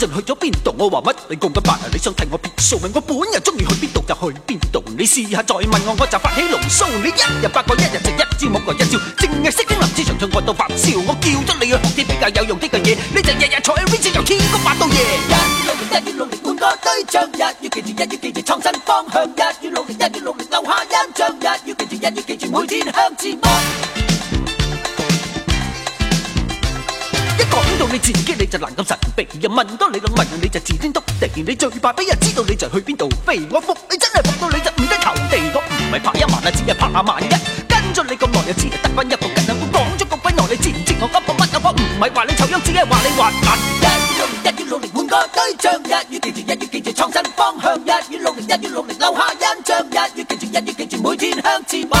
人去咗邊度？我話乜你講緊乜？你想替我辯？所謂我本人中意去邊度就去邊度，你試下再問我，我就發起牢騷。你一日八個，一日食一朝五個一朝，淨係識得林子祥唱，愛到發燒。我叫咗你去學啲比較有用啲嘅嘢，你就日日坐喺 WeChat 由天光發到夜。一月六日，一月六日換個對象；一要記住，一要記住創新方向；一月六日，一月六日留下印象；一要記住，一要記住每天向前望。一個。知道你自己，你就難夠神秘。人問到你都問你，你就自尊獨立。你最怕俾人知道你就去邊度飛。我服，真你真係服到你就唔得頭地。我唔係拍一萬啊，只係拍下萬拍一萬。跟咗你咁耐，又知得翻一部跟音歌。講咗咁鬼耐，你知唔知我急扑乜急撲？唔係話你醜樣，只係話你滑眼。一要努力一要努力換個對象，一要記住一要記住創新方向，一要努力一要努力留下印象，一要記住一要記住每天向前望。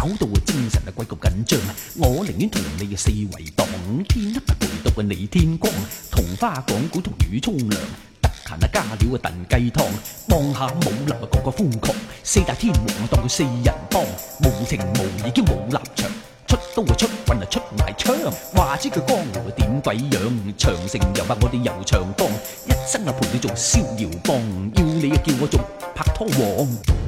搞到我精神啊，鬼咁緊張。我寧願同你啊，四圍蕩五天、啊，陪到啊，你天光。同花講、啊、古，同、啊、雨沖涼，得閒啊，加料啊燉雞湯。當下武林啊，個個瘋狂。四大天王啊，當佢四人幫，無情無義兼冇立場。出刀啊，出棍啊，出埋槍。話知佢江湖點鬼樣？長城、啊、又話我哋游長江，一生啊陪你做逍遙幫，要你啊叫我做拍拖王。